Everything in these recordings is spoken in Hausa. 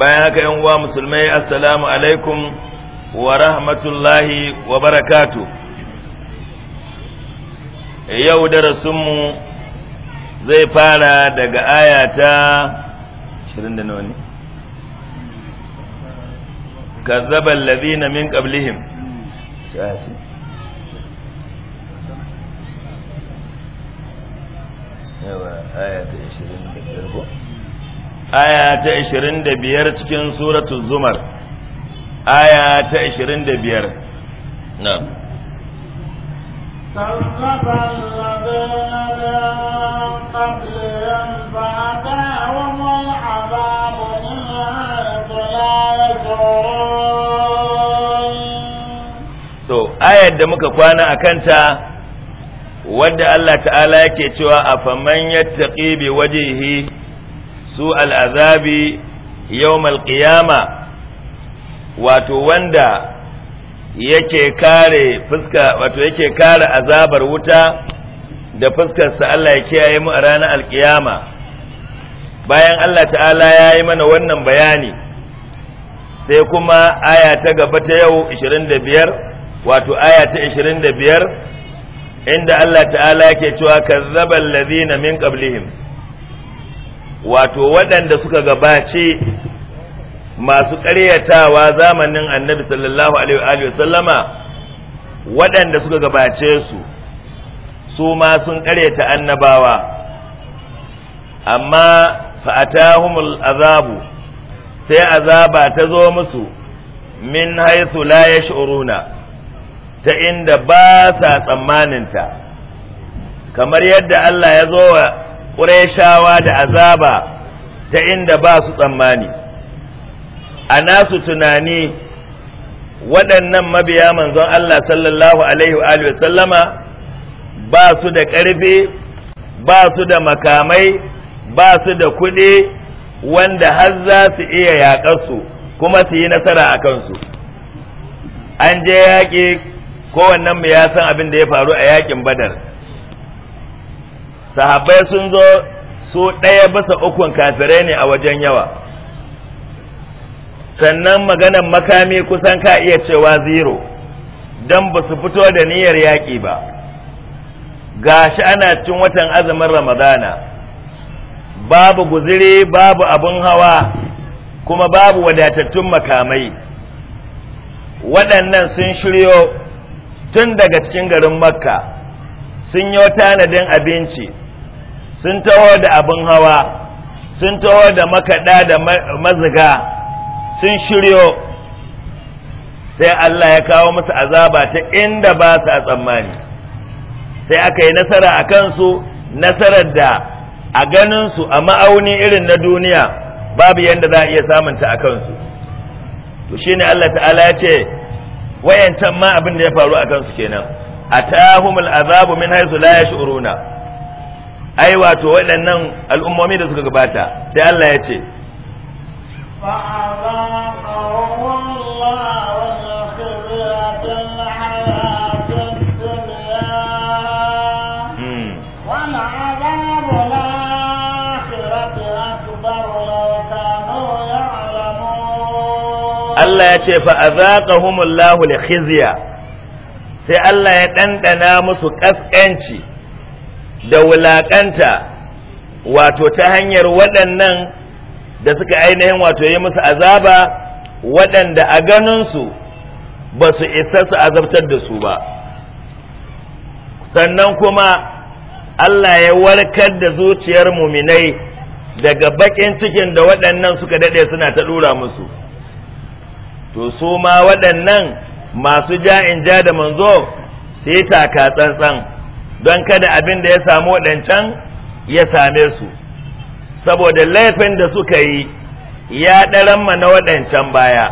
bayan haka yan uwa musulmai assalamu alaikum wa rahmatullahi wa barakatu yau darasinmu zai fara daga ayata 29 ne kazzaba allazina min qablihim yawa ayata 25 aya ta 25 cikin suratu zumar aya ta 25 na'am الذين من قبلهم فأتاهم العذاب من حيث لا يشعرون to ayar da muka kwana a kanta wadda Allah ta'ala yake cewa a faman yattaqi bi wajhihi su al'azabi yau qiyama wato wanda yake kare fuska wato yake kare azabar wuta da fuskarsa Allah ya kiyaye mu a ranar alkiyama bayan Allah ta'ala ya yi mana wannan bayani sai kuma aya ta gaba ta yau 25 wato aya ta 25 inda Allah ta'ala yake cewa kazzabal ladina min qablihim wato waɗanda suka gabace masu ƙaryatawa zamanin annabi sallallahu alaihi wa sallama waɗanda suka gabace su su ma sun ƙaryata annabawa amma fa'atahumul azabu sai azaba ta zo musu min haithu la yash'uruna ta inda ba sa tsammaninta kamar yadda Allah ya zo wa ƙureshawa da azaba ta inda ba su tsammani a nasu tunani waɗannan mabiya manzon Allah sallallahu alaihi wa sallama ba su da ƙarfi ba su da makamai ba su da kuɗi wanda har za su iya yaƙarsu kuma su yi nasara a kansu an je yaƙi kowannen mu ya san abin da ya faru a yaƙin badar sahabbai sun zo su ɗaya basa ukun kafirai ne a wajen yawa sannan maganar makami kusan ka iya cewa zero don ba su fito da niyyar yaƙi ba gashi ana cin watan azumin ramadana babu guziri babu abun hawa kuma babu wadatattun makamai waɗannan sun shiryo tun daga cikin garin makka sun yi tanadin abinci sun taho da abin hawa sun taho da makaɗa da maziga sun shiryo sai Allah ya kawo musu azaba ta inda ba tsammani sai aka yi nasara a kansu nasarar da a ganinsu a ma'auni irin na duniya babu yadda za a iya samunta a kansu to shine Allah ta'ala ya ce wayancan ma abin da ya faru a kansu kenan atahumul azabu min haythu la yash'uruna ai wato waɗannan al'ummomi da suka gabata sai Allah ya ce hmm. Allah ya ce fa'azaƙahumullahu da sai Allah ya ɗanɗana musu ƙasƙanci da wulaƙanta wato ta hanyar waɗannan da suka ainihin wato yi musu azaba waɗanda a ganinsu ba su isa su azabtar da su ba sannan kuma Allah ya warkar da zuciyar muminai daga baƙin cikin da waɗannan suka daɗe suna ta ɗura musu to su ma waɗannan masu ja'in ja da manzo sai taka tsantsan don kada abin da ya samu waɗancan ya same su saboda laifin da suka yi ya ɗaranma na waɗancan baya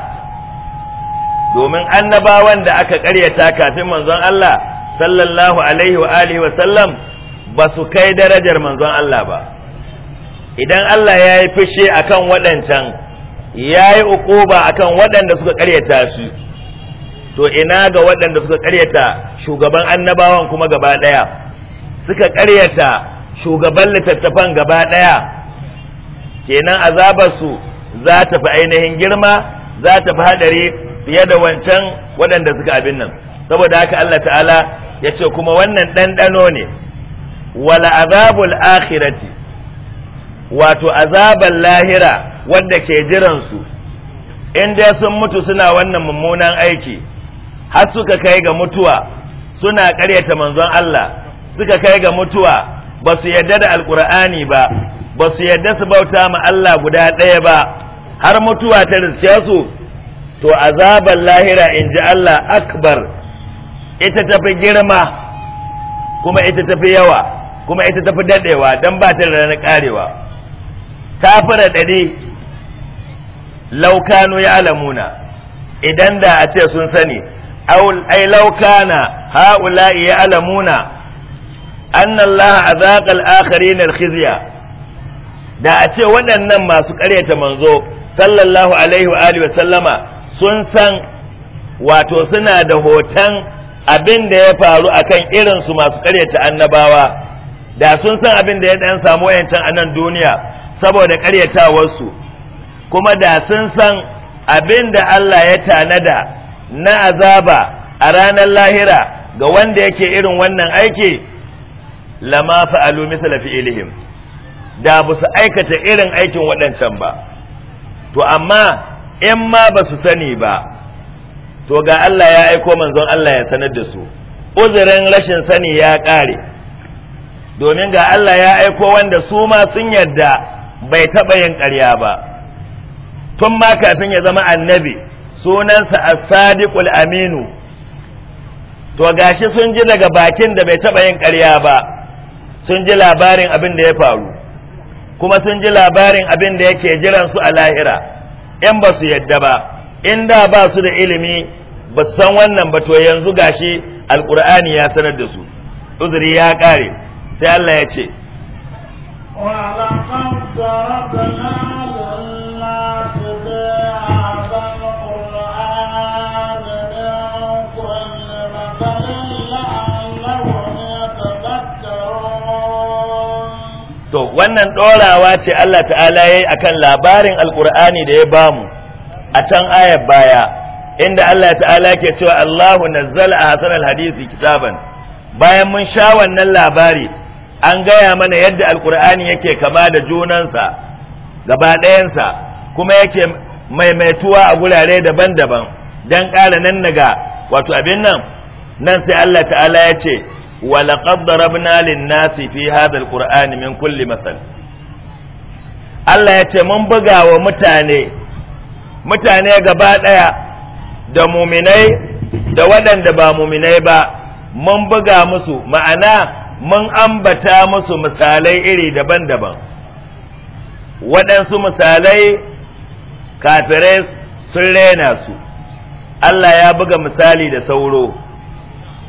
domin annabawan da aka ƙaryata kafin manzon Allah sallallahu alaihi wa alihi wa sallam ba su kai darajar manzon Allah ba idan Allah ya yi fishe akan waɗancan ya yi uquba akan waɗanda suka ƙaryata su to ina ga waɗanda suka ƙaryata shugaban annabawan kuma gaba ɗaya suka ƙaryata shugaban littattafan gaba ɗaya kenan azabarsu za ta fi ainihin girma za ta fi haɗari fiye da wancan waɗanda suka abin nan saboda haka Allah ta'ala ya ce kuma wannan ɗanɗano ne wala azabul akhirati wato azabar lahira wadda ke jiransu in dai sun mutu suna wannan mummunan aiki har suka kai ga mutuwa suna ƙaryata manzon Allah suka kai ga mutuwa ba su yarda da alkur'ani ba ba su yarda su bauta ma Allah guda ɗaya ba har mutuwa ta riske su to azaban lahira in ji Allah akbar ita tafi girma kuma ita tafi yawa kuma ita tafi daɗewa don ba ta da ƙarewa ta fi ɗari laukanu ya alamuna idan da a ce sun sani ai laukana ha'ula iya alamuna an Allah a zaƙal akari na da a ce waɗannan masu ƙaryata manzo sallallahu alaihi wa sallama sun san wato suna da hoton abin da ya faru akan irinsu masu ƙaryata annabawa da sun san abin da ya ɗan samu wayancan a nan duniya saboda ƙaryatawarsu kuma da sun san abin da Allah ya tanada na azaba a ranar lahira ga wanda yake irin wannan aiki lama fa'alu misla fi'ilihim da ba su aikata irin aikin waɗancan ba to amma in ma ba su sani ba to ga Allah ya aiko manzon Allah ya sanar da su uzurin rashin sani ya ƙare domin ga Allah ya aiko wanda su ma sun yarda bai taɓa yin ƙarya ba tun ma kafin ya zama annabi sunansa as-sadiqul aminu to gashi sun ji daga bakin da bai taba yin ƙarya ba sun ji labarin abin da ya faru kuma sun ji labarin abin da yake jiran su a lahira in ba su yadda ba in da ba su da ilimi ba san wannan ba to yanzu gashi alqur'ani ya sanar da su uzuri ya kare sai Allah ya ce to wannan ɗorawa ce Allah ta'ala ya yi a kan labarin alkur'ani da ya ba mu a can ayar baya inda Allah ta'ala ke cewa Allahu nazzala a hasan alhadisi kitaban bayan mun sha wannan labari an gaya mana yadda alkur'ani yake kama da junansa gaba ɗayansa kuma yake maimaituwa a gurare daban-daban don ƙara nan naga wato abin nan nan sai Allah ta'ala ya ce wa laqad darabna lin-nasi fi hadha al min kulli Allah ya ce mun buga wa mutane mutane gaba daya da muminai da waɗanda ba muminai ba mun buga musu ma'ana mun ambata musu misalai iri daban-daban waɗansu misalai kafirai sun rena su Allah ya buga misali da sauro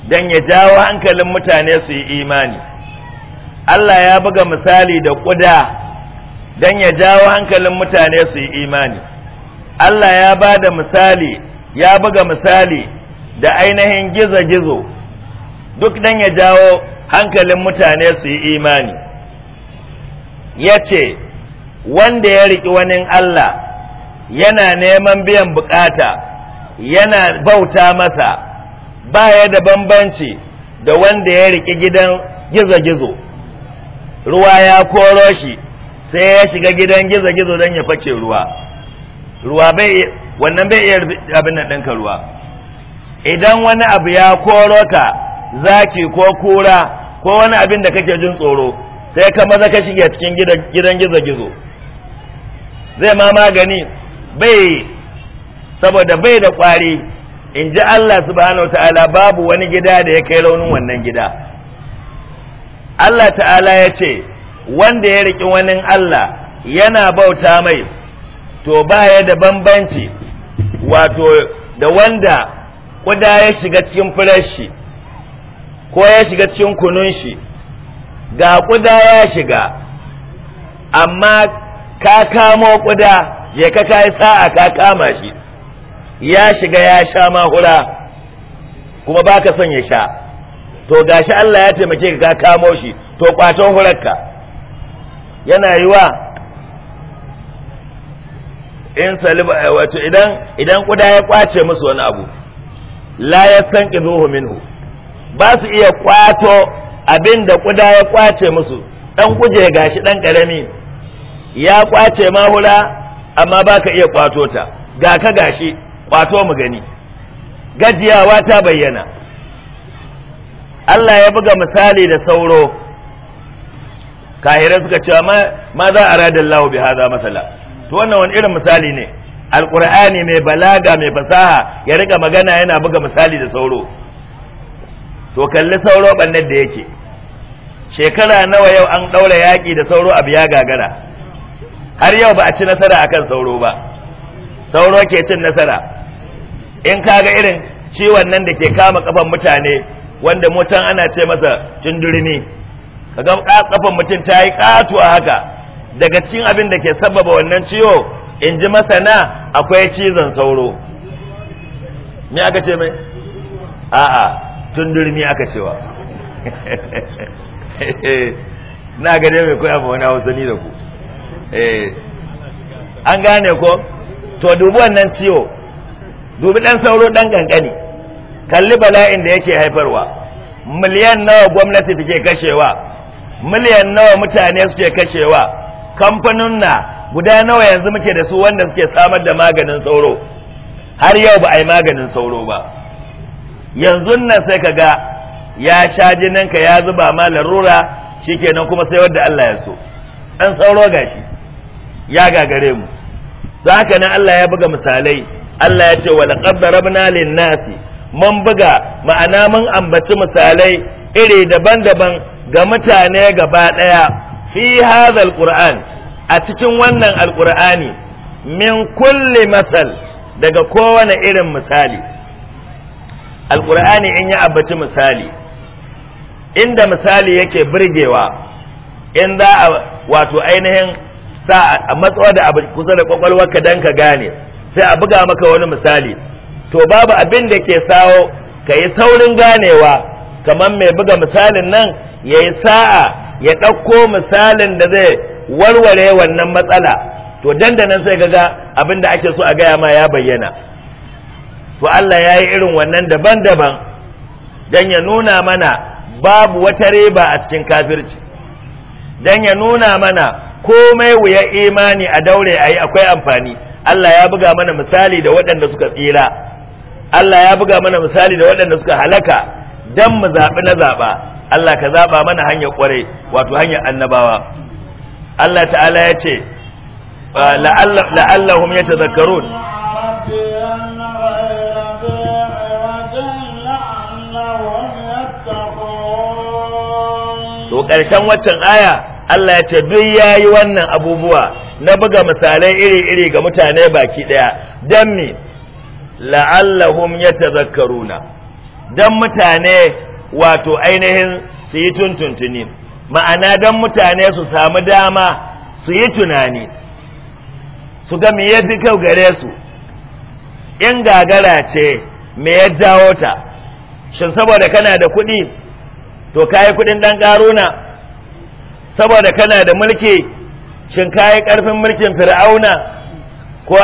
Dan ya jawo hankalin mutane su yi imani Allah ya buga misali da ƙuda dan ya jawo hankalin mutane su yi imani Allah ya ba da misali ya buga misali da ainihin gizo-gizo duk dan ya jawo hankalin mutane su yi imani ya ce wanda ya riƙi wani Allah yana neman biyan bukata yana bauta masa baya da bambanci da wanda ya rike gidan gizo-gizo ruwa ya koro shi sai ya shiga gidan gizo-gizo don ya fake ruwa ruwa bai wannan bai iya abin nan ɗinka ruwa idan wani abu ya koro ka zaki ko kura ko wani abin da kake jin tsoro sai ka maza ka shiga cikin gidan gizo-gizo zai ma magani bai saboda bai da kwari in ji Allah subhanahu wa ta'ala babu wani gida da ya kai launin wannan gida Allah ta'ala ya ce wanda ya riƙi wani Allah yana bauta mai to ba ya da bambanci wato da wanda ƙuda ya shiga cikin shi ko ya shiga cikin kunun shi ga kuda ya shiga amma ka kamo ƙuda je ka kai sa'a ka kama shi ya shiga ya sha mahura kuma baka son ya sha to gashi Allah ya taimake ka ka kamo shi to kwaton hurarka yana yiwa in saliba eh, wato idan idan kuda ya kwace musu wani abu la ya yastanqidhuhu minhu ba su iya kwato abin da kuda ya kwace musu dan kuje gashi dan karami ya kwace mahula amma baka iya kwato ta ga ka gashi wato mu gani gajiyawa ta bayyana Allah ya buga misali da sauro Kahira suka cewa ma za a radin lahu bi haza masala to wannan wani irin misali ne alkur'ani mai balaga mai fasaha ya riga magana yana buga misali da sauro to kalli sauro bannan da yake shekara nawa yau an ɗaura yaƙi da sauro a ya gagara har yau ba a ci nasara akan sauro ba sauro ke cin nasara in kaga irin ciwon nan da ke kama kafan mutane wanda mutan ana ce masa tundurmi kaga kafan mutum ta yi katu a haka daga cikin abin da ke sababa wannan ciwo in ji masana akwai cizon sauro me aka ce mai a'a tundurmi aka cewa na gane mai koya ba wani hausa ni da ku eh, an gane ko to dubu wannan ciwo dubi dan sauro dan kankani kalli bala'in da yake haifarwa miliyan nawa gwamnati take kashewa miliyan nawa mutane suke kashewa kamfanin na guda nawa yanzu muke da su wanda suke samar da maganin sauro har yau ba a yi maganin sauro ba yanzu nan sai ka ga ya sha jininka ya zuba ma larura shikenan kuma sai wanda Allah ya so dan sauro gashi ya gagare mu don haka nan Allah ya buga misalai Allah ya ce wani laqad darabna lin-nasi man buga ma'ana mun ambaci misalai iri daban-daban ga mutane gaba daya fi hadhal qur'an a cikin wannan alqur'ani min kulli masal daga kowane irin misali alqur'ani in ya ambaci misali inda misali yake birgewa in za a wato ainihin sa a matsawa da abu kusa da kwakwalwarka dan ka gane sai a buga maka wani misali to babu abin da ke sawo ka yi saurin ganewa kamar mai buga misalin nan ya yi sa'a ya ɗauko misalin da zai warware wannan matsala to da nan sai gaga abin da ake so a gaya ma ya bayyana to Allah ya yi irin wannan daban-daban dan ya nuna mana babu wata riba a cikin kafirci dan ya nuna mana komai wuya imani a daure ayi akwai amfani Allah ya buga mana misali da waɗanda suka tsira Allah ya buga mana misali da waɗanda suka halaka dan mu zaɓi na zaɓa Allah ka zaɓa mana hanyar ƙwarai wato hanyar annabawa Allah ta'ala ya ce la'allahum yatazakkarun to ƙarshen waccan aya Allah ya ce duk yayi wannan abubuwa na buga misalai iri-iri ga mutane baki daya dan me la'allahum yatazakkaruna dan mutane wato ainihin su yi tuntuntuni ma'ana dan mutane su samu dama su yi tunani su ga me ya fi kyau gare su in gagara ce me ya jawo ta shin saboda kana da kuɗi to kayi kuɗin ɗan ƙaruna saboda kana da mulki shin kayi karfin mulkin fir'auna ko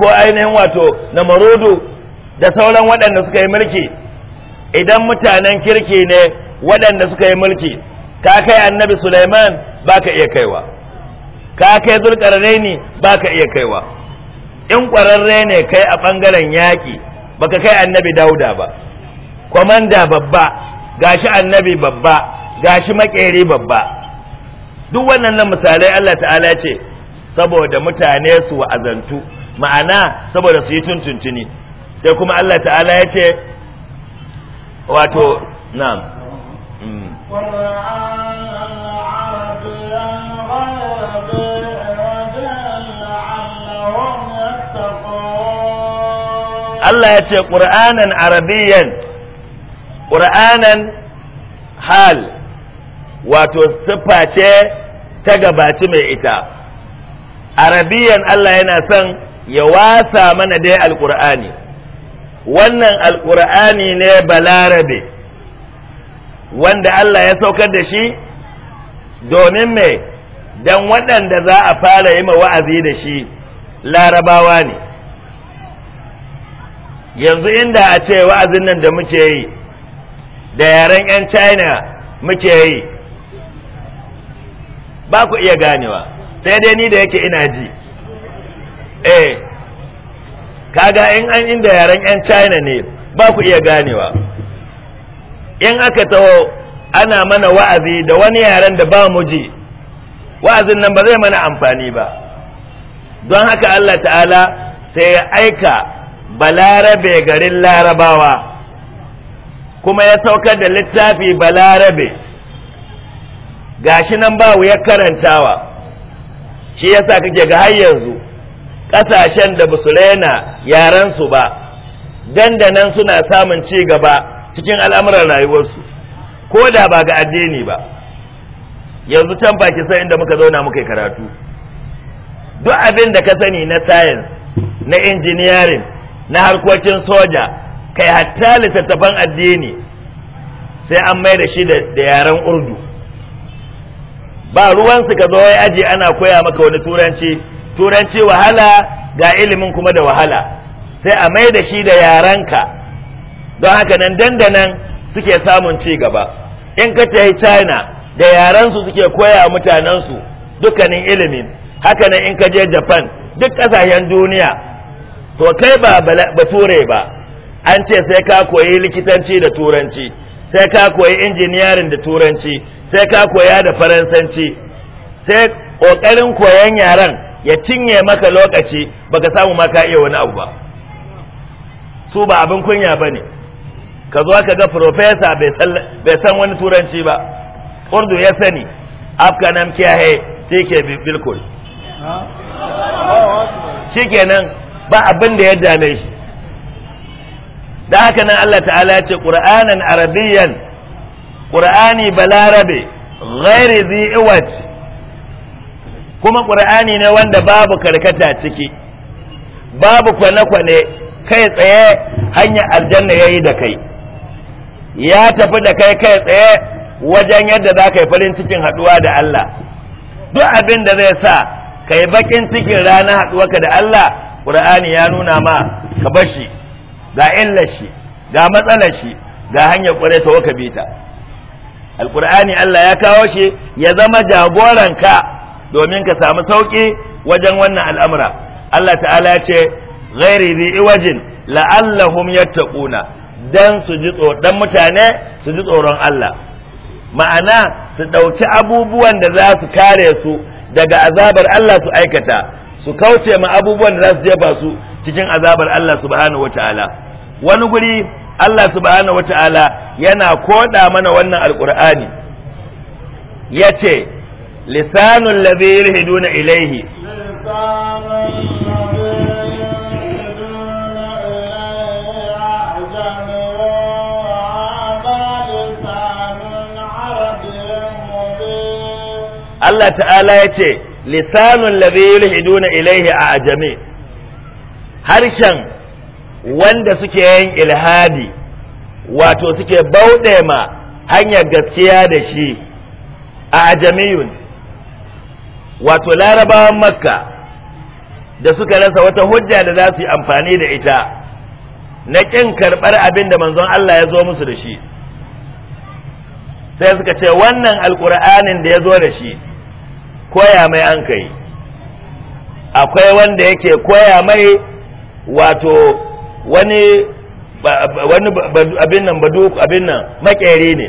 ko ainihin wato na marudu da sauran waɗanda suka yi mulki idan mutanen kirki ne waɗanda suka yi mulki ka kai annabi Sulaiman baka iya kaiwa ka kai ba baka iya kaiwa in ƙwararre ne kai a ɓangaren yaƙi baka kai annabi dauda ba kwamanda babba gashi annabi babba gashi Maƙeri babba duk wannan nan misalai Allah ta'ala ce saboda mutane su wa'azantu ma'ana saboda su yi tuntuntuni sai kuma Allah ta'ala ya ce wato na'am Allah ya ce ƙur'anan arabiyyan ƙur'anan hal wato siffa ce ta gabaci mai ita arabiyan Allah yana son ya wasa mana dai alkur'ani wannan alkur'ani ne balarabe wanda Allah ya saukar da shi domin mai don waɗanda za a fara yi wa'azi da shi larabawa ne yanzu inda a ce wa'azin nan da muke yi da yaren 'yan china muke yi ba ku iya ganewa sai dai ni da yake ina ji eh kaga in an inda yaren yan china ne ba ku iya ganewa in aka taho ana mana wa'azi da wani yaren da ba mu ji wa'azin nan ba zai mana amfani ba don haka Allah ta'ala sai ya aika balarabe garin larabawa kuma ya saukar da littafi balarabe gashi nan ba wuyar karantawa shi yasa kake ga har yanzu ƙasashen da basu yaran yarensu ba dandanan suna samun ci gaba cikin al'amuran rayuwarsu ko da ba ga addini ba yanzu can baki sai inda muka zauna muka yi karatu duk abin da ka sani na science na engineering na harkokin soja kai hatta littattafan addini sai an mai da shi da yaren urdu ba ruwansu ka zo ya aji ana koya maka wani turanci turanci wahala ga ilimin kuma da wahala sai a mai da shi da yaranka don haka nan dandanan suke samun ci gaba in ka tafi china da yaransu suke koya mutanensu dukkanin ilimi haka nan in ka je japan duk ƙasashen duniya to kai ba bature ba an ce sai ka koyi likitanci da turanci sai ka koyi injiniyarin da turanci sai ka koya da faransanci sai ƙoƙarin koyan yaren ya cinye maka lokaci baka samu ma ka iya wani abu ba su ba abin kunya ba ne ka zo ka ga profesa bai san wani turanci ba urdu ya sani afkanan kiyaye tike bilkul shikenan ba abin da ya dame shi da haka nan Allah ta'ala ya ce qur'anan arabiyyan ƙur'ani balarabe ghairi zi kuma ƙur'ani ne wanda babu karkata ciki babu kwane-kwane kai tsaye hanyar aljanna ya yi da kai ya tafi da kai kai tsaye wajen yadda za ka yi farin cikin haɗuwa da Allah duk abin da zai sa ka yi bakin cikin ranar haɗuwarka da Allah ƙur'ani ya nuna ma ka bashi ga illar shi ga matsalar shi ga hanyar ƙwarai ta waka bita alkur'ani Allah ya kawo shi ya zama jagoranka domin ka samu sauki wajen wannan al'amura Allah ta'ala ya ce ghairi bi iwajin la'allahum yattaquna dan su ji dan mutane su ji tsoron Allah ma'ana su dauki abubuwan da za su kare su daga azabar Allah su aikata su kauce ma abubuwan da za su jefa su cikin azabar Allah subhanahu wataala wani guri Allah subhanahu wata'ala yana koda mana wannan alkur'ani ya ce lisanun labir hiduna ilaihi Allah ta'ala ya ce lisanun labir hiduna ilaihi a ajami harshen wanda suke yin ilhadi wato suke bauɗe ma hanyar gaskiya da shi a ajamiyun wato larabawan makka da suka rasa wata hujja da za su yi amfani da ita na ƙin karɓar abin da manzon Allah ya zo musu da shi sai suka ce wannan alƙur'anin da ya zo da shi koya mai an kai akwai wanda yake koya mai wato wani wani abin nan badu abin nan makere ne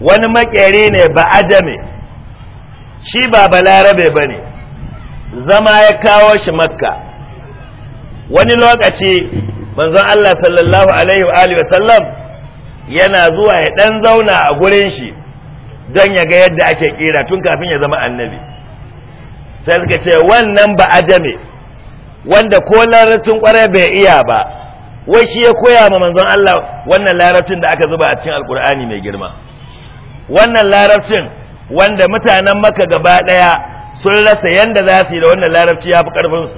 wani makere ne ba adame shi ba balarabe ba ne zama ya kawo shi makka wani lokaci manzon Allah sallallahu alaihi wa alihi sallam yana zuwa ya dan zauna a gurin shi don ya ga yadda ake kira tun kafin ya zama annabi sai suka ce wannan ba adame wanda ko larabcin kwarai bai iya ba wai shi ya koya ma manzon Allah wannan larabcin da aka zuba a cikin alkur'ani mai girma wannan larabcin wanda mutanen maka gaba daya sun rasa yanda za su yi da wannan larabci ya fi karfin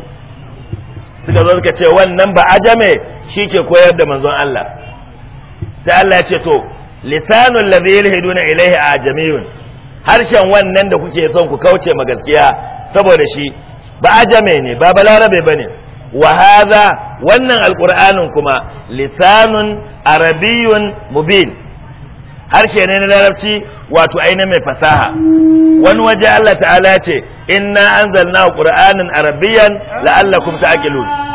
suka zo suka ce wannan ba ajame shi ke koyar da manzon Allah sai Allah ya ce to lisanun lisanul ladhi ilaihi a ajamiyun harshen wannan da kuke son ku kauce ma gaskiya saboda shi ba ajame ne ba balarabe bane wa hadha wannan alqur'anin kuma lisanun arabiyun mubin harshe ne na larabci wato aina mai fasaha wani waje Allah ta'ala ce inna anzalna qur'anan arabiyan, la'allakum ta'qilun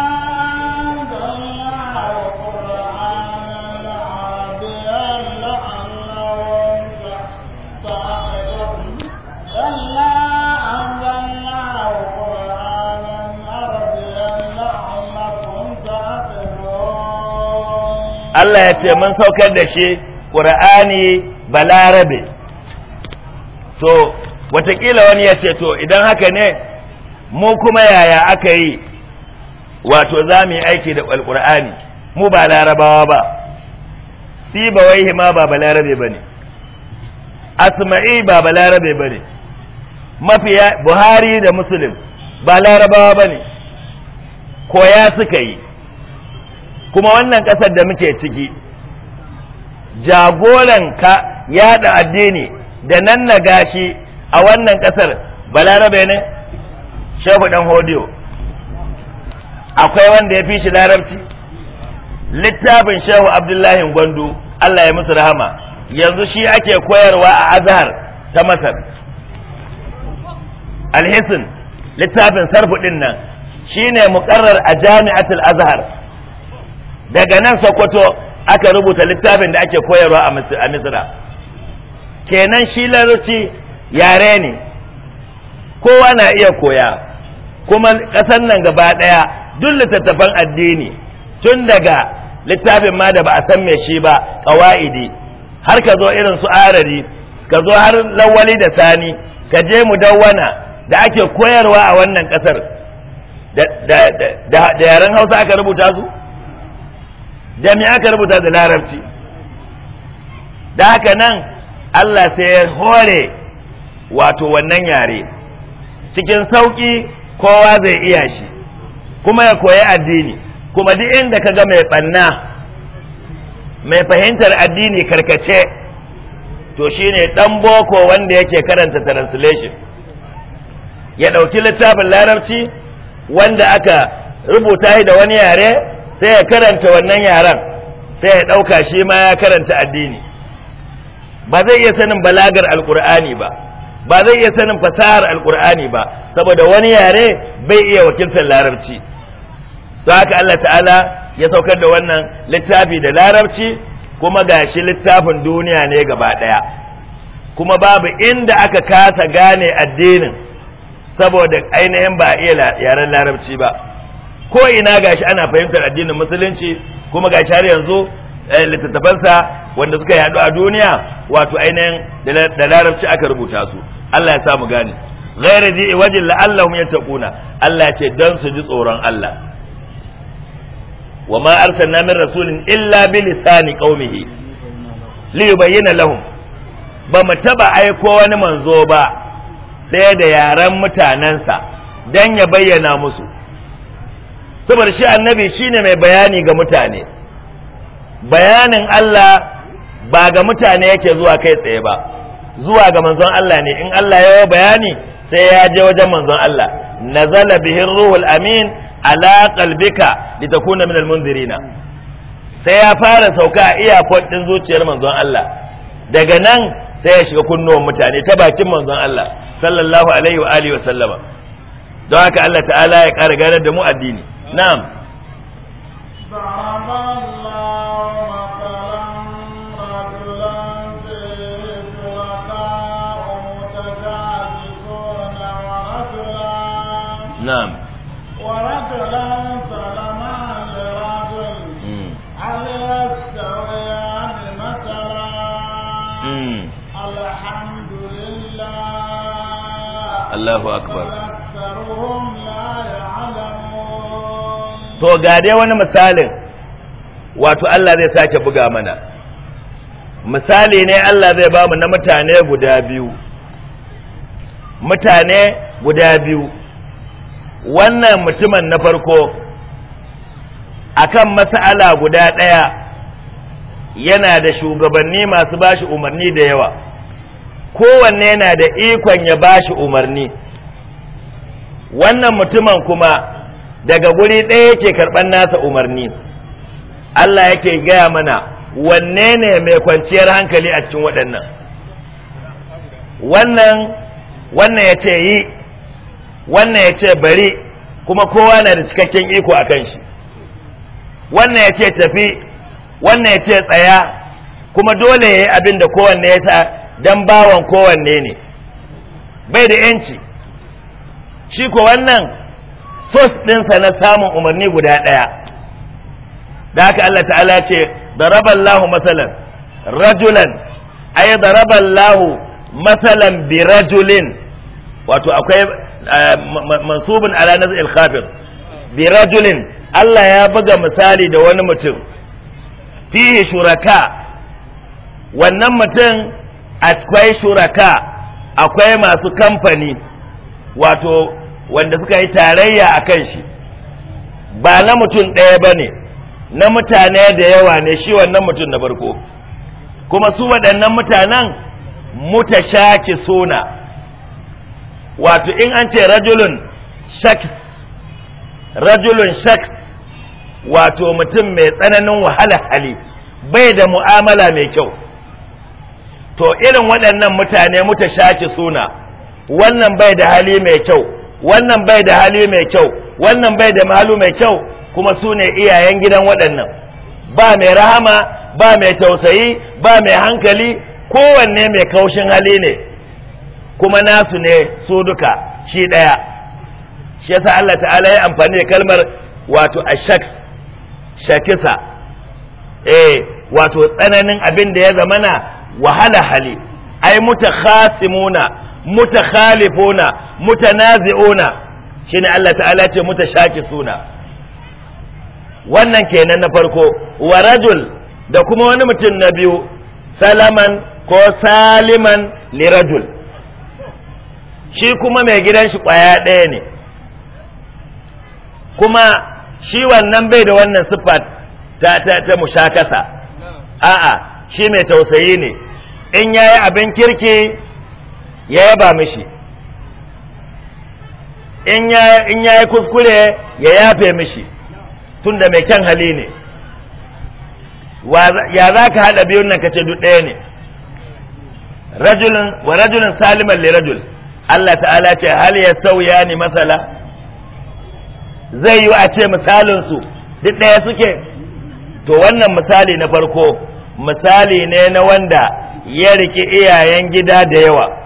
Allah ya ce mun saukar da shi ƙur'ani balarabe to watakila wani ya ce to idan haka ne mu kuma yaya aka yi wato za mu yi aiki da alƙur'ani mu ba larabawa ba si ba wai hima ba balarabe ba ne asma'i ba balarabe ba ne mafiya buhari da musulun ba larabawa ba ne koya suka yi kuma wannan ƙasar da muke ciki jagoranka yaɗa addini da nan na gashi a wannan ƙasar balarabe ne shehu ɗan hodiyo akwai wanda ya fi shi larabci littafin shehu abdullahi gwandu allah ya musu rahama yanzu shi ake koyarwa a azhar ta masar alhisin littafin sarfudin nan shine muƙarrar a jami'atul azhar daga nan sokoto aka rubuta littafin da ake koyarwa a misira kenan shi larabci yare ne kowa na iya koya kuma ƙasar nan gaba ɗaya duk littattafan addini tun daga littafin ma da ba a san mai shi ba ƙawa'idi har ka zo irin su arari ka zo har lawali da sani ka je mu dawwana da ake koyarwa a wannan ƙasar da yaren hausa aka rubuta su da ka rubuta da larabci da haka nan Allah sai ya hore wato wannan yare cikin sauƙi kowa zai iya shi kuma ya koyi addini kuma duk inda ka ga mai ɓanna mai fahimtar addini karkace to shine ɗan boko wanda yake karanta translation ya ɗauki littafin larabci wanda aka rubuta da wani yare sai ya karanta wannan yaran sai ya ɗauka shi ma ya karanta addini ba zai iya sanin balagar alkur'ani ba ba zai iya sanin fasahar alkur'ani ba saboda wani yare bai iya wakiltar larabci to haka Allah ta'ala ya saukar da wannan littafi da larabci kuma gashi littafin duniya ne gaba ɗaya kuma babu inda aka kasa gane addinin saboda ainihin ba a iya yaren larabci ba ko ina gashi ana fahimtar addinin musulunci kuma gashi har yanzu eh, littattafansa wanda suka yadu a duniya wato ainihin da larabci aka rubuta su Allah ya sa mu gane ghairu ji wajin la'allahum yattaquna Allah ce dan su ji tsoron Allah wa ma arsalna min rasulin illa bi lisani qaumihi li yubayyana lahum ba mu taba aiko wani manzo ba sai da yaran mutanansa dan ya bayyana musu saboda shi annabi shine mai bayani ga mutane bayanin Allah ba ga mutane yake zuwa kai tsaye ba zuwa ga manzon Allah ne in Allah ya yi bayani sai ya je wajen manzon Allah nazala bihin ruhul amin ala qalbika litakuna min munzirina sai ya fara sauka a iyakon din zuciyar manzon Allah daga nan sai ya shiga kunnuwan mutane ta bakin manzon Allah sallallahu alaihi wa alihi wa sallama don haka Allah ta'ala ya kara ganar da mu addini نعم ضرب الله مثلا رجلا فيه شركاء متشابكون ورجلا نعم ورجلا سلما لرجل هل يستويان مثلا الحمد لله الله أكبر to ga dai wani misalin wato Allah zai sake buga mana misali ne Allah zai ba mu na mutane guda biyu mutane guda biyu wannan mutumin na farko akan mas'ala guda ɗaya yana da shugabanni masu bashi umarni da yawa kowanne yana da ikon ya bashi umarni wannan mutumin kuma daga guri ɗaya yake karɓar nasa umarni Allah yake gaya mana wanne ne mai kwanciyar hankali a cikin waɗannan wannan wannan ya ce yi wannan ya ce bari kuma kowa na da cikakken iko a kan shi wannan ya ce tafi wannan ya ce tsaya kuma dole ya yi abin da kowanne ya sa don bawan kowanne ne bai da yanci shi ko wannan sos ɗinsa na samun umarni guda ɗaya da haka Allah ta'ala ce daraballahu masalan rajulan ay daraballahu masalan bi rajulin wato akwai eh, mansubun ala nazil khafir bi rajulin Allah ya buga misali da wani mutum fihi shuraka wannan mutum akwai shuraka akwai masu kamfani wato wanda suka yi tarayya a kan shi ba na mutum ɗaya ba ne na mutane da yawa ne shi wannan mutum na farko kuma su waɗannan mutanen ki suna wato in an ce rajulun shaks rajulun shaks wato mutum mai tsananin wahala hali bai da mu'amala mai kyau to irin waɗannan mutane mutashaki suna wannan bai da hali mai kyau wannan bai da hali mai kyau wannan bai da malu mai kyau kuma su ne iyayen gidan waɗannan ba mai rahama ba mai tausayi ba mai hankali kowanne mai kaushin hali ne kuma nasu ne su duka shi ɗaya shi yasa Allah ta'ala ya amfani da kalmar wato ashaks shakisa eh wato tsananin abin da ya zamana wahala hali ai mutakhasimuna mutakhalifuna mutanazi'una shine Allah ta'ala ce suna. wannan kenan na farko wa rajul da kuma wani mutum na biyu salaman ko saliman li rajul shi kuma mai gidan shi kwaya ɗaya ne kuma shi wannan bai da wannan siffa ta ta ta mushakasa a'a shi mai tausayi ne in yayi abin kirki ya yaba mishi in ya yi kuskure ya yafe mishi tun mai kyan hali ne ya za ka haɗa biyun nan ka ce duk ɗaya ne rajulun wa rajulun saliman li rajul Allah ta'ala ce hal ya sauya ni masala zai yi a ce misalinsu duk ɗaya suke to wannan misali na farko misali ne na wanda ya rike iyayen gida da yawa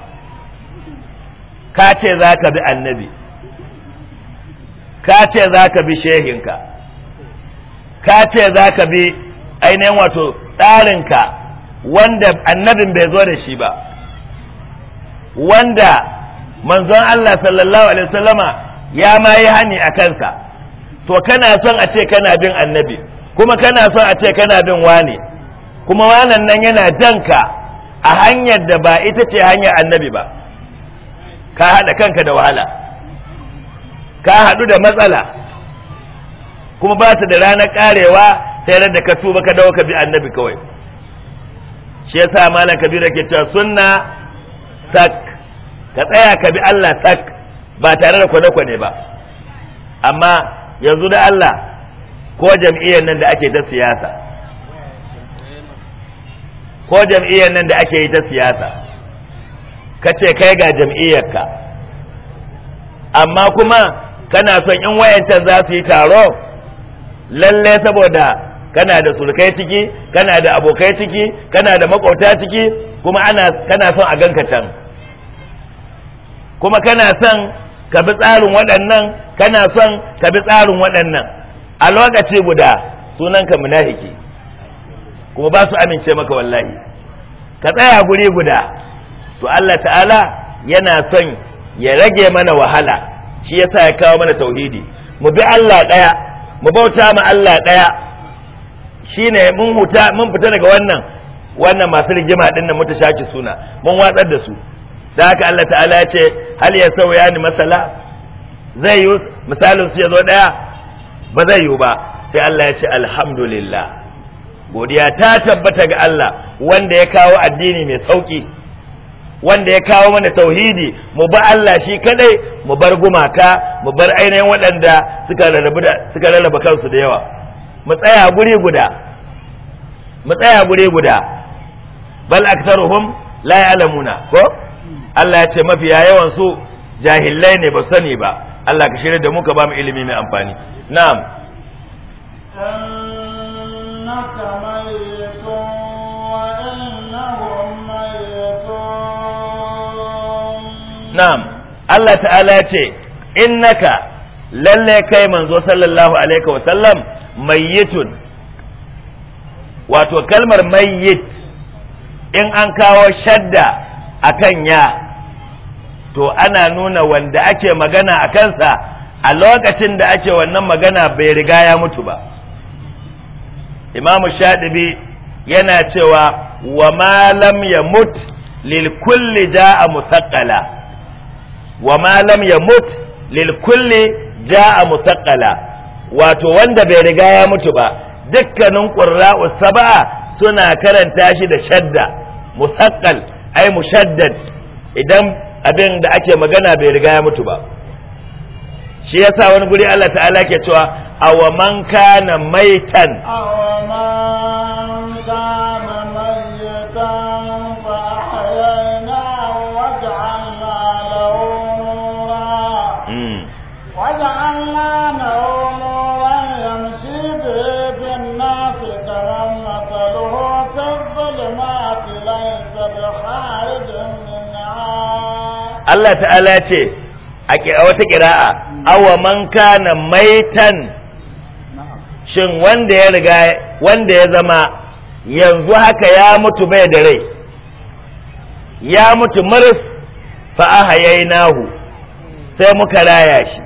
ka ce za ka bi annabi ka ce za ka bi shehinka ka ce za ka bi ainihin wato tsarinka wanda annabin bai zo da shi ba wanda manzon Allah sallallahu alaihi wasallama ya ma yi hani a kansa to kana son a ce kana bin annabi kuma kana son a ce kana bin wane kuma wanan nan yana danka a hanyar da ba ita ce hanyar annabi ba ka haɗa kanka da wahala ka haɗu da matsala kuma ba ta da ranar ƙarewa sai da ka tuba ka dawo ka bi annabi kawai shi yasa malam kabira ke cewa sunna sak ka tsaya ka bi Allah sak ba tare da kwane-kwane ba amma yanzu da Allah ko jam'iyyar nan da ake ta siyasa ko jam'iyyar nan da ake yi ta siyasa ka ce kai ga jam'iyyarka amma kuma kana son in wayancan za su yi taro lalle saboda kana da surukai ciki kana da abokai ciki kana da makwauta ciki kuma ana kana son a ganka can kuma kana son ka bi tsarin waɗannan kana son ka bi tsarin waɗannan a lokaci guda sunanka munafiki kuma ba su amince maka wallahi ka tsaya guri guda to Allah ta'ala yana son ya rage mana wahala shi yasa ya kawo mana tauhidi mu bi Allah ɗaya mu bauta ma Allah ɗaya shine mun huta mun fita daga wannan wannan masu rigima ɗin nan muta shaki suna mun watsar da su da haka Allah ta'ala ya ce hal ya sauya ni masala zai yi misalin su ya zo ɗaya ba zai yi ba sai Allah ya ce alhamdulillah godiya ta tabbata ga Allah wanda ya kawo addini mai sauki wanda ya kawo mana tauhidi mu ba Allah shi kadai mu bar gumaka mu bar ainihin waɗanda suka rarrabu da suka rarraba kansu da yawa mu tsaya guri guda mu tsaya guri guda bal aktharuhum la ya'lamuna ko Allah ya ce mafiya yawan su jahilai ne ba sani ba Allah ka shirya da muka ka ba mu ilimi mai amfani na'am na'am Allah ta'ala ya ce innaka lalle kai manzo sallallahu alaihi wa sallam mayyitun wato kalmar mayyit in an kawo shadda akan ya to ana nuna wanda ake magana a kansa a lokacin da ake wannan magana bai riga ya mutu ba imamu shaɗibi yana cewa wa malam ya mut lil kulli ja'a musaqqala wa ma lam yamut lil kulli jaa mutaqqala wato wanda bai riga ya mutu ba dukkanin qurra'u sab'a suna karanta shi da shadda mutaqqal ai mushaddad idan abin da ake magana bai riga ya mutu ba shi yasa wani guri Allah ta'ala ke cewa awaman kana maitan awaman Allah ta'ala ce a wata kira'a awa man kana maitan shin wanda ya riga wanda ya zama yanzu haka ya mutu bai da rai ya mutu maris fa ahayainahu sai muka raya shi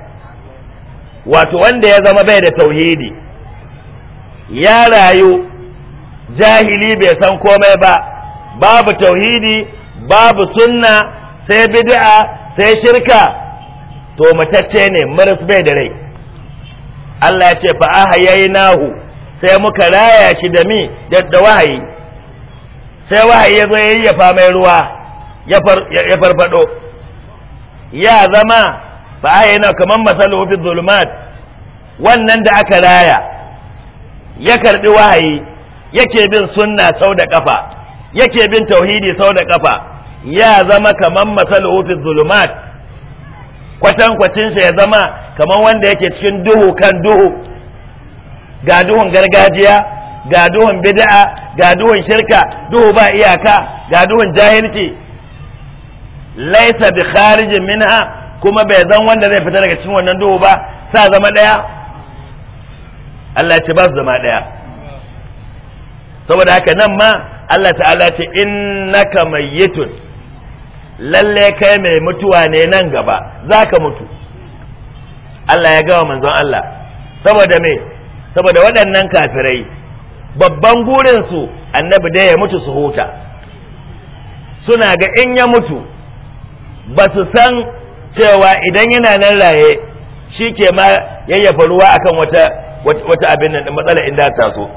wato wanda ya zama bai da tauhidi ya rayu jahili bai san komai ba babu tauhidi babu sunna sai bid'a sai shirka to matacce ne maras bai da rai Allah ya ce fa ahayainahu sai muka raya shi da mi da wahayi sai wahayi ya zo ya fa mai ruwa ya farfado ya zama fa ahyayna kaman masalu fi zulumat wannan da aka raya ya karbi wahayi yake bin sunna sau da kafa yake bin tauhidi sau da kafa ya zama kaman masal ofis zulumat kwatan shi ya zama kaman wanda yake cikin duhu kan duhu ga duhun gargajiya ga duhun bid'a ga duhun shirka duhu ba iyaka ga duhun jahilci laisa bi kharijin minha kuma bai zan wanda zai fita daga cikin wannan duhu ba sa zama daya Allah ce ba su zama daya saboda haka nan ma Allah ta'ala ce innaka mayyitun lalle kai mai mutuwa ne nan gaba za ka mutu Allah ya gawa manzon Allah saboda me saboda waɗannan kafirai babban gurinsu annabi dai ya mutu su huta suna ga in ya mutu ba su san cewa idan yana nan raye shi ke ma yayyafa ruwa akan wata wata abin nan matsala inda so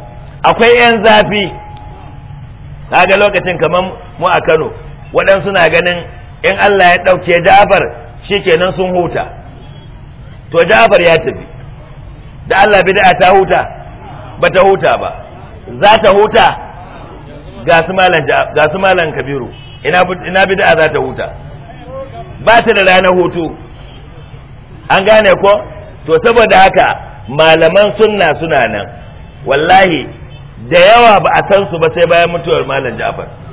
akwai 'yan zafi kaga lokacin kamar mu a kano waɗansu na ganin in Allah ya ɗauke Ja'far shikenan sun huta to Ja'far ya tafi da Allah bid'a ta huta ba ta huta ba za ta huta ga su malan Kabiru ina ina bid'a za ta huta ba ta da ranar hutu an gane ko to saboda haka malaman sunna suna nan wallahi da yawa ba a san su ba sai bayan mutuwar malam Ja'far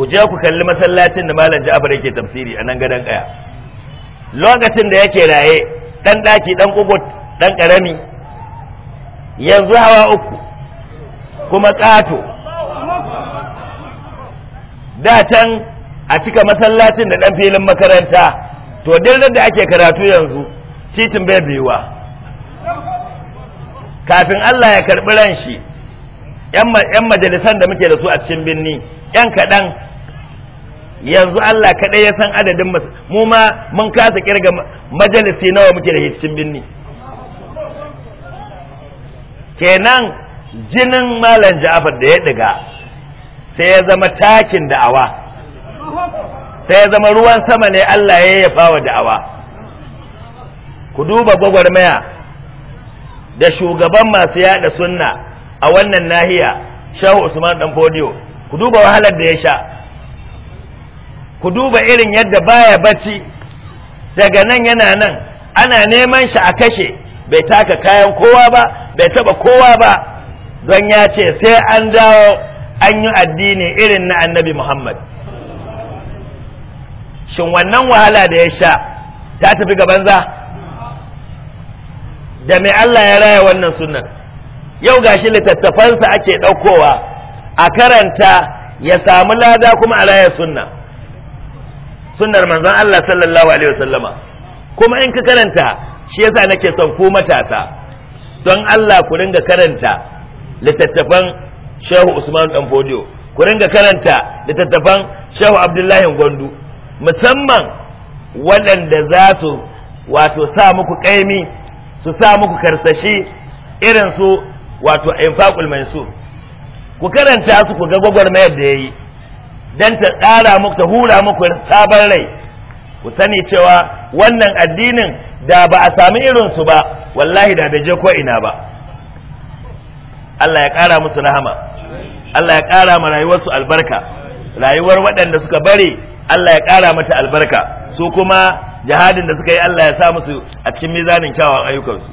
ku je ku kalli masallacin da malam Ja'far yake tafsiri a nan gadan kaya lokacin da yake raye dan daki dan kugut dan karami yanzu hawa uku kuma kato da can a cika masallacin da dan filin makaranta to duk da ake karatu yanzu titin bai biyuwa kafin Allah ya karɓi ran shi yan majalisan da muke da su a cikin birni yan kaɗan yanzu Allah kaɗai ya san adadin masu mu ma mun kasa kirga majalisi nawa muke da cikin binni kenan jinin malam Ja'far da ya diga sai ya zama takin da'awa sai ya zama ruwan sama ne Allah ya yafa wa da'awa ku duba gwagwarmaya da shugaban masu yada sunna a wannan nahiya Shehu Usman Dan ku duba wahalar da ya sha ku duba irin yadda baya bacci daga nan yana nan ana neman shi a kashe bai taka kayan kowa ba bai taba kowa ba don ya ce sai an dawo an yi addini irin na annabi muhammad shin wannan wahala da ya sha ta tafi ga banza da mai allah ya raya wannan sunan yau gashi littattafansa ake ɗaukowa a karanta ya samu lada kuma a raya sunna sunnar manzon Allah sallallahu alaihi wasallama kuma in ka karanta shi yasa nake son ku matasa don Allah ku ringa karanta littattafan Shehu Usman Dan Fodio ku ringa karanta littattafan Shehu Abdullahi Gwandu musamman waɗanda za su wato sa muku ƙaimi su sa muku karsashi irin su wato infaqul mansur ku karanta su ku ga gwagwarmayar da yayi don ta tsara muku ta hura muku sabon rai ku sani cewa wannan addinin da ba a sami irinsu ba wallahi da bai je ko ina ba Allah ya ƙara musu rahama Allah ya ƙara ma rayuwarsu albarka rayuwar waɗanda suka bare Allah ya ƙara mata albarka su kuma jihadin da suka yi Allah ya sa musu a cikin mizanin kyawawan ayyukansu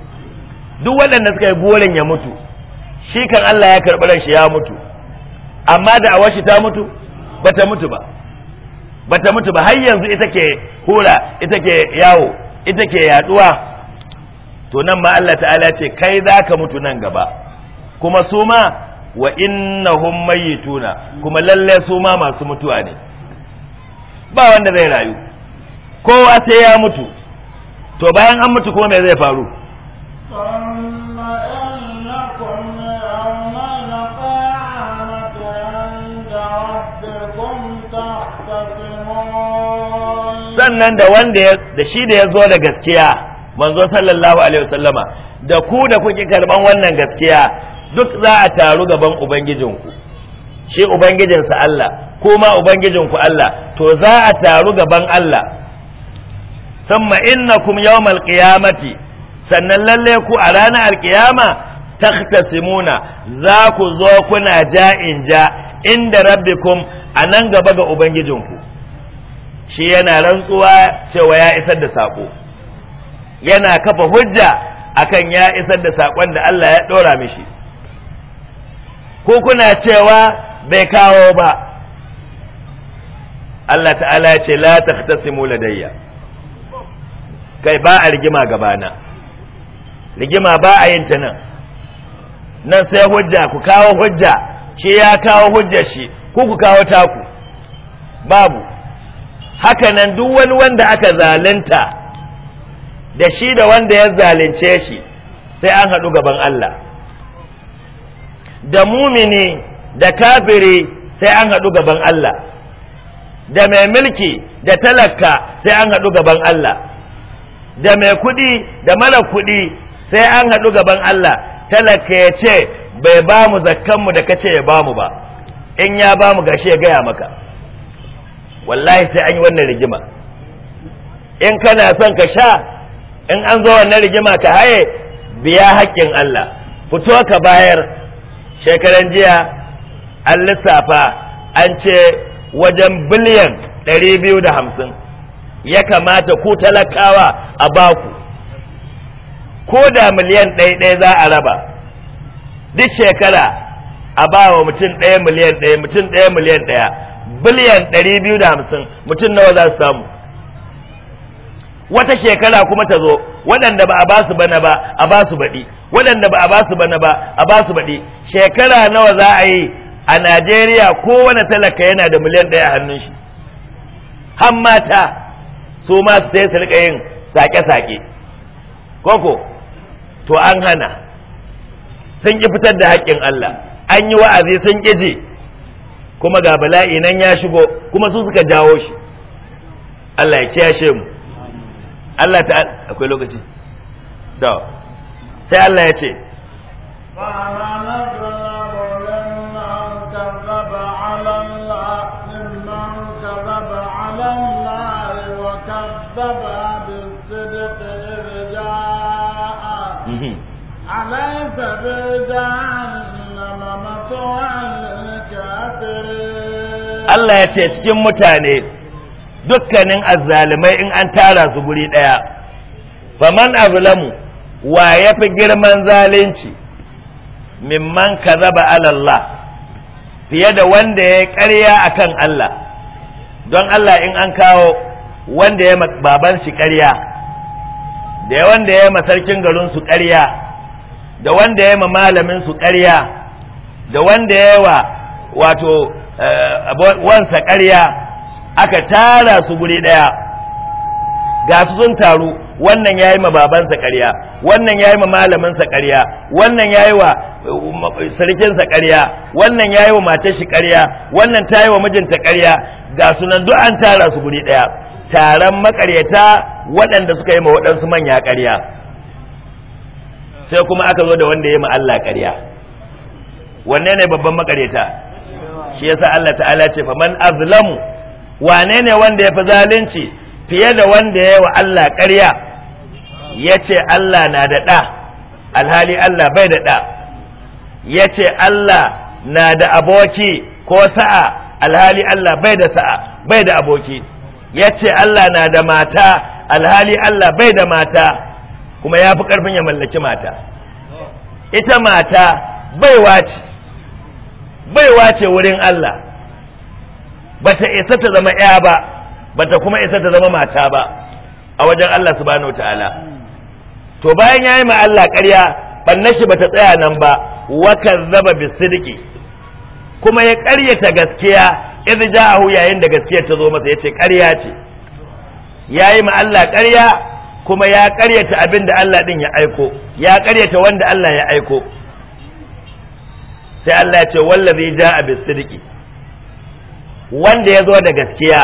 duk waɗanda suka yi burin ya mutu shi kan Allah ya karɓi ran shi ya mutu amma da awashi ta mutu bata mutu ba bata mutu ba har yanzu ita ke hura ita ke yawo ita ke yaduwa to nan ma Allah ta'ala ce kai za ka mutu nan gaba kuma su ma wa innahum mayituna kuma lalle su ma masu mutuwa ne ba wanda zai rayu kowa sai ya mutu to bayan an mutu kuma me zai faru sannan da wanda da shi da ya zo da gaskiya manzo sallallahu alaihi wasallama da ku da kuke karban wannan gaskiya duk za a taru gaban ubangijinku shi ubangijinsa Allah kuma ubangijinku Allah to za a taru gaban Allah thumma innakum yawmal qiyamati sannan lalle ku a ranar alkiyama takhtasimuna za ku zo kuna ja'in ja inda rabbikum anan gaba ga ubangijinku shi yana rantsuwa cewa ya isar da sako yana kafa hujja akan ya isar da sakon da Allah ya dora mishi ko kuna cewa bai kawo ba Allah ta'ala ya ce la takhtasimu ladayya kai ba a rigima gabana rigima ba a yin ta nan nan sai hujja ku kawo hujja shi ya kawo hujja shi ku ku kawo taku babu haka nan duk wani wanda aka zalunta da shi da wanda ya zalunce shi sai an haɗu gaban Allah da mumini da kafiri sai an haɗu gaban Allah da mai mulki da talaka sai an haɗu gaban Allah da mai kuɗi da mara kuɗi sai an haɗu gaban Allah talaka ya ce bai ba mu zakkanmu da kace ya ba mu ba in ya ba mu gashi ya gaya maka wallahi sai an yi wannan rigima in kana son ka sha in an zo wannan rigima ka haye biya haƙƙin Allah fito ka bayar shekaran jiya an lissafa an ce wajen biliyan ɗari biyu da hamsin ya kamata ku talakawa a baku ko da miliyan ɗaya za a raba duk shekara a bawa wa mutum ɗaya miliyan ɗaya mutum ɗaya miliyan ɗaya biliyan 250 mutum nawa za su samu wata shekara kuma ta zo waɗanda ba a ba su bana ba a ba su baɗi waɗanda ba a ba su bana ba a ba su baɗi shekara nawa za a yi a najeriya kowane talaka yana da miliyan ɗaya a hannun shi har mata su ma su sai su riƙa yin sake-sake koko to an hana sun ƙi fitar da haƙƙin allah an yi wa'azi sun ƙi ji kuma ga bala'i nan ya shigo kuma su suka jawo shi Allah ya kiyashe mu Allah ta akwai lokaci da sai Allah ya ce mhm. أليس بالجهنم Allah ya ce cikin mutane dukkanin azzalimai in an tara su guri ɗaya faman azlamu wa ya fi girman zalunci mimman kazaba alallah fiye da wanda ya ƙarya kan Allah don Allah in an kawo wanda ya baban shi ƙarya da wanda ya masarkin sarkin garin su ƙarya da wanda ya ma malamin su ƙarya da wanda yawa wato eh, wansa ƙarya aka tara su guri ɗaya ga su sun taru wannan ya yi babansa ƙarya wannan ya yi malaminsa ƙarya wannan ya yi wa eh, sarkinsa ƙarya wannan ya yi wa matar shi ƙarya wannan ta yi wa mijinta ƙarya ga sunan duk an tara su guri ɗaya taron maƙaryata waɗanda suka yi ma waɗansu manya ƙarya sai kuma aka zo da wanda ya ma Allah ƙarya wanne ne babban makareta shi yasa Allah ta'ala ce fa man azlamu wane ne wanda ya fi zalunci fiye da wanda ya yi wa Allah ƙarya ya ce Allah na da ɗa alhali Allah bai da ɗa ya ce Allah na da aboki ko sa'a alhali Allah bai da sa'a bai da aboki ya ce Allah na da mata alhali Allah bai da mata kuma ya fi ƙarfin ya mallaki mata ita mata baiwa ce Bai wace wurin Allah Ba ta isa ta zama ya ba ba ta kuma isa ta zama mata ba a wajen Allah subhanahu ta'ala to bayan ya yi ma Allah ƙarya bannan shi ta tsaya nan ba wa zaba bisidqi kuma ya ƙaryata gaskiya a ja'ahu yayin da gaskiya ta zo masa yace ƙarya ce yayi ma Allah ƙarya kuma ya ƙaryata abin da Allah ɗin ya aiko ya ƙaryata wanda Allah ya aiko sai Allah ya ce wallazi ja'a bis sidqi wanda ya zo da gaskiya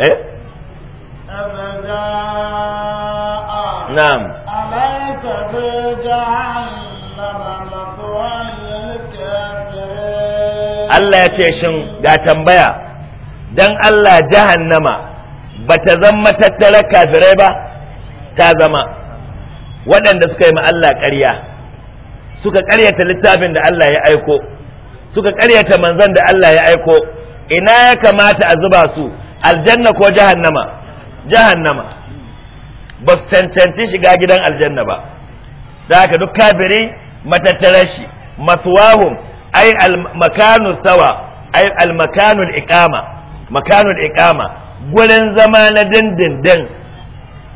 eh na'am bi Allah ya ce shin ga tambaya dan Allah jahannama bata zama tattara kafirai ba ta zama waɗanda suka yi ma Allah ƙarya suka karyata littafin da Allah ya aiko suka karyata manzon da Allah ya aiko ina ya kamata a zuba su aljanna ko jahannama jahannama ba su cancanci shiga gidan aljanna ba da haka duk kafiri matattarar shi masuwahum ai makanu sawa ai almakanul iqama iqama gurin zama na dindindin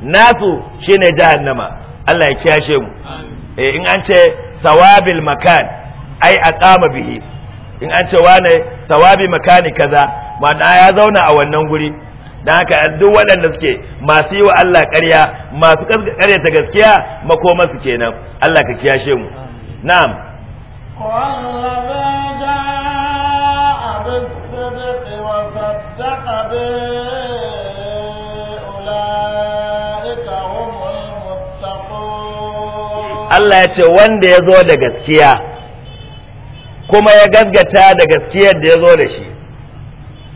nasu shine jahannama Allah ya kiyashe mu eh, in an ce sawabil makan ai a kama bihi in an ce wane sawabi makani kaza ma'ana ya zauna a wannan guri dan haka duk waɗanda suke masu yi wa Allah ƙarya masu ta gaskiya makoma su kenan Allah ka kiyashe mu na'am Allah ya ce wanda ya zo da gaskiya kuma ya gasgata da gaskiyar da ya zo da shi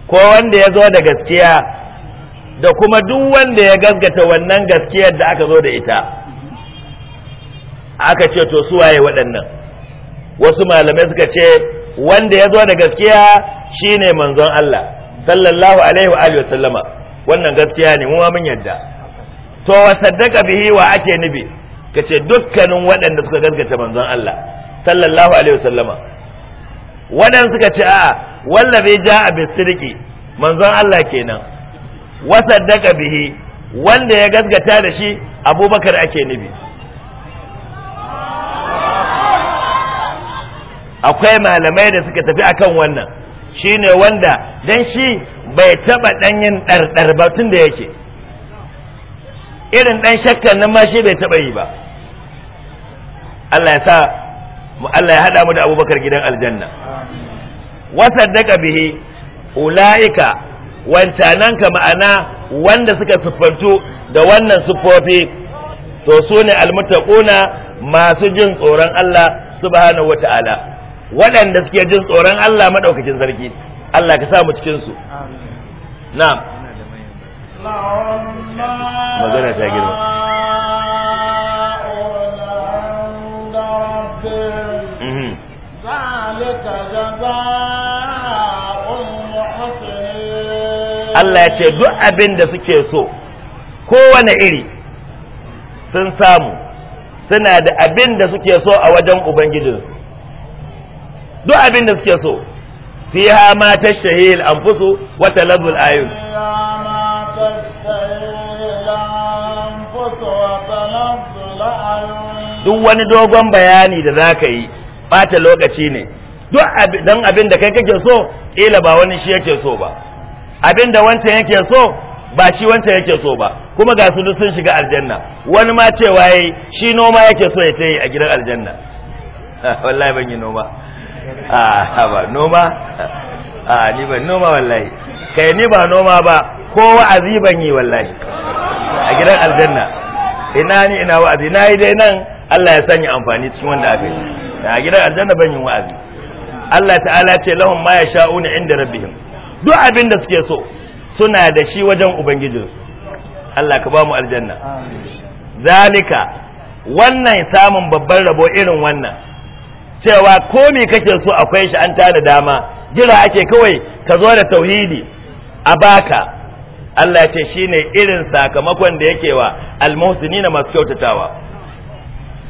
ko wanda ya zo da gaskiya da kuma duk wanda ya gasgata wannan gaskiyar da aka zo da ita aka ce to su waye waɗannan wasu malamai suka ce wanda ya zo da gaskiya shine manzon Allah sallallahu alaihi wa alihi wasallama wannan gaskiya ne mu ma mun yadda to wa saddaka bihi wa ake nubi kace dukkanin waɗanda suka gaskata manzon Allah sallallahu alaihi wasallama waɗanda suka ce a'a wallabe a bisirki manzon Allah kenan wasaddaka bihi wanda ya gaskata da shi abubakar ake nufi akwai malamai da suka tafi akan wannan shine wanda dan shi bai taba yin ɗarɗar ba tun da yake irin ɗan shakkar nan ma shi bai taba yi ba Allah ya sa Allah ya hada mu da Abubakar gidan aljanna wa saddaqa bihi ulaika wancananka ka ma'ana wanda suka siffantu da wannan siffofi to su ne almuttaquna masu jin tsoron Allah subhanahu wata'ala waɗanda suke jin tsoron Allah madaukakin sarki Allah ka sa mu cikin su na'am magana ta gina ذلك جزاء ya ce duk abin da suke so kowane iri sun samu suna da abin da suke so a wajen Ubangijinsu, duk abin da suke so, fiha ma ta shahil an fusu wata labul ayun. Duk wani dogon bayani da za ka yi, ɓata lokaci ne. duk dan abin da kai kake so ila ba wani shi yake so ba abin da wancan yake so ba shi wancan yake so ba kuma ga su duk sun shiga aljanna wani ma cewa waye shi noma yake so ya yi a gidan aljanna wallahi ban yi noma a ah, ba noma a ah, ni ban noma wallahi kai ni ba noma ba ko wa'azi ban yi wallahi a gidan aljanna ina ni ina wa'azi na yi dai nan Allah ya sanya amfani cikin wanda aka yi a gidan aljanna ban yi wa'azi Allah ta'ala ce lahum ma yasha'una inda rabbihim duk abin da suke so suna da shi wajen ubangijinsu Allah ka ba aljanna zalika wannan samun babban rabo irin wannan cewa ko me kake so akwai shi an tada dama jira ake kawai ka zo da tauhidi a baka Allah ce shine irin sakamakon da yake wa almuhsinina masu kyautatawa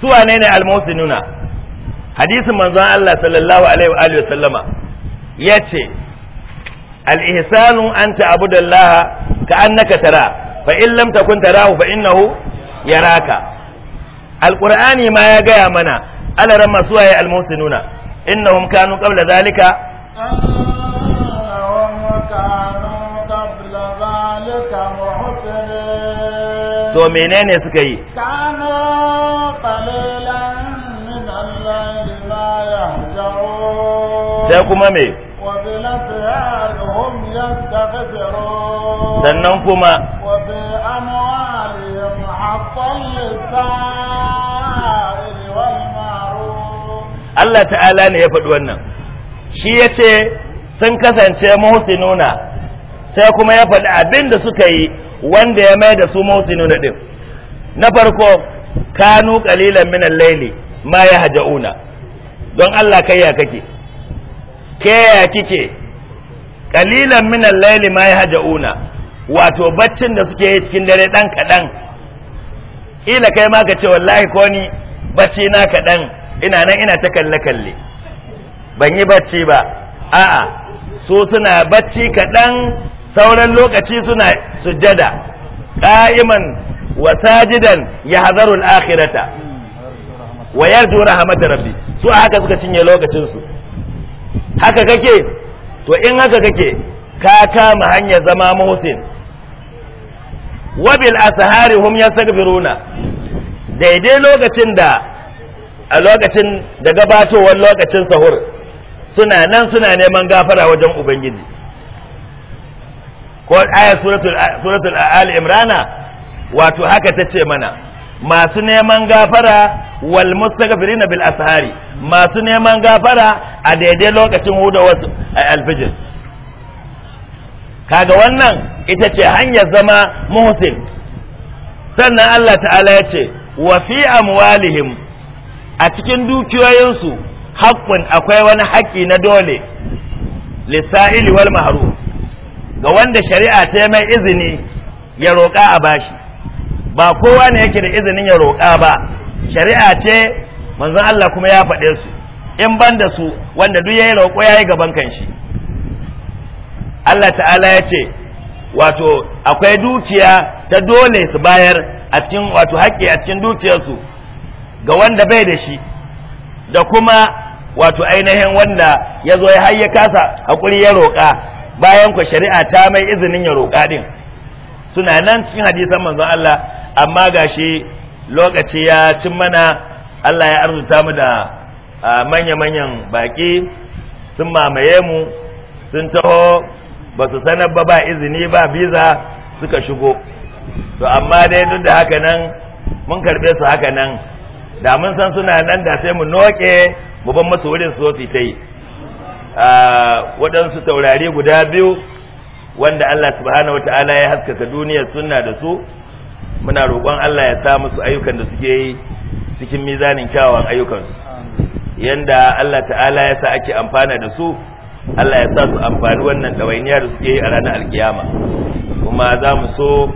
su wane ne almuhsinuna hadisin manzon Allah sallallahu alaihi wa sallama ya ce, ihsanu an ta'budu Allah ka naka tara fa in lam takun tarahu fa innahu yaraka al-qur'ani ma ya gaya mana alaran masu waye al-muhsinuna innahum kanu qabla zalika to menene suka yi kana qalil sai kuma me sannan kuma Allah ta'ala ne ya faɗi wannan shi ya ce sun kasance nuna sai kuma ya faɗi abin da suka yi wanda ya mai da su nuna ɗin na farko kanu ƙalilan minan laili ma ya haja'una don Allah kai ya kake ke ya kike kalilan min al-layli ma yahjauna wato baccin da suke yi cikin dare dan kadan ƙila kai ma ka ce wallahi ko ni bacci na kadan ina nan ina ta kalle kalle ban yi bacci ba a'a su suna bacci kadan sauran lokaci suna sujjada qa'iman wa sajidan yahzarul akhirata wa yarju da rabbi su a haka suka cinye lokacin su haka kake to in haka kake ka kama hanyar zama muhsin wa bil ashari hum yastaghfiruna daidai lokacin da a lokacin da gabatowar lokacin sahur suna nan suna neman gafara wajen ubangiji ko ayat suratul suratul imrana wato haka ta ce mana masu neman gafara wal mustaghfirina bil ashari masu neman gafara a daidai lokacin huda wasu alfijir kaga wannan ita ce hanyar zama muhsin sannan Allah ta'ala ya ce wa fi amwalihim a cikin dukiyoyinsu haƙƙun akwai wani haƙƙi na dole lissa'ili wal mahru ga wanda shari'a ta mai izini ya roƙa a bashi ba kowa ne yake da izinin ya roƙa ba shari'a ce manzon Allah kuma ya faɗe su in ban da su wanda duk yayi roƙo yayi gaban kanshi Allah ta'ala ya ce wato akwai dukiya ta dole su bayar a cikin wato haƙƙi a cikin dukiyarsu ga wanda bai da shi da kuma wato ainihin wanda ya zo har ya kasa hakuri ya roƙa bayan ku shari'a ta mai izinin ya roƙa din suna nan cikin hadisan manzon Allah amma gashi lokaci ya cin mana Allah ya arzuta mu da manya-manyan baƙi sun mamaye mu sun taho ba su sanar ba ba izini ba biza suka shigo to amma dai duk da haka nan mun karɓe su haka nan da mun san suna nan da sai mu noke mu ban masu wurin su ta yi waɗansu taurari guda biyu wanda Allah subhanahu wa ta'ala ya haskaka duniyar sunna da su muna roƙon Allah ya sa musu ayyukan da suke yi cikin mizanin kyawawan ayyukansu yanda Allah ta'ala ya sa ake amfana da su Allah ya sa su amfani wannan ɗawainiya da suke yi a ranar alkiyama kuma za mu so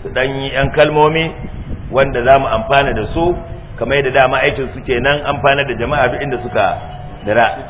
su ɗan yi 'yan kalmomi wanda za mu amfana da su kamar yadda dama aikin su nan amfana da jama'a duk inda suka dara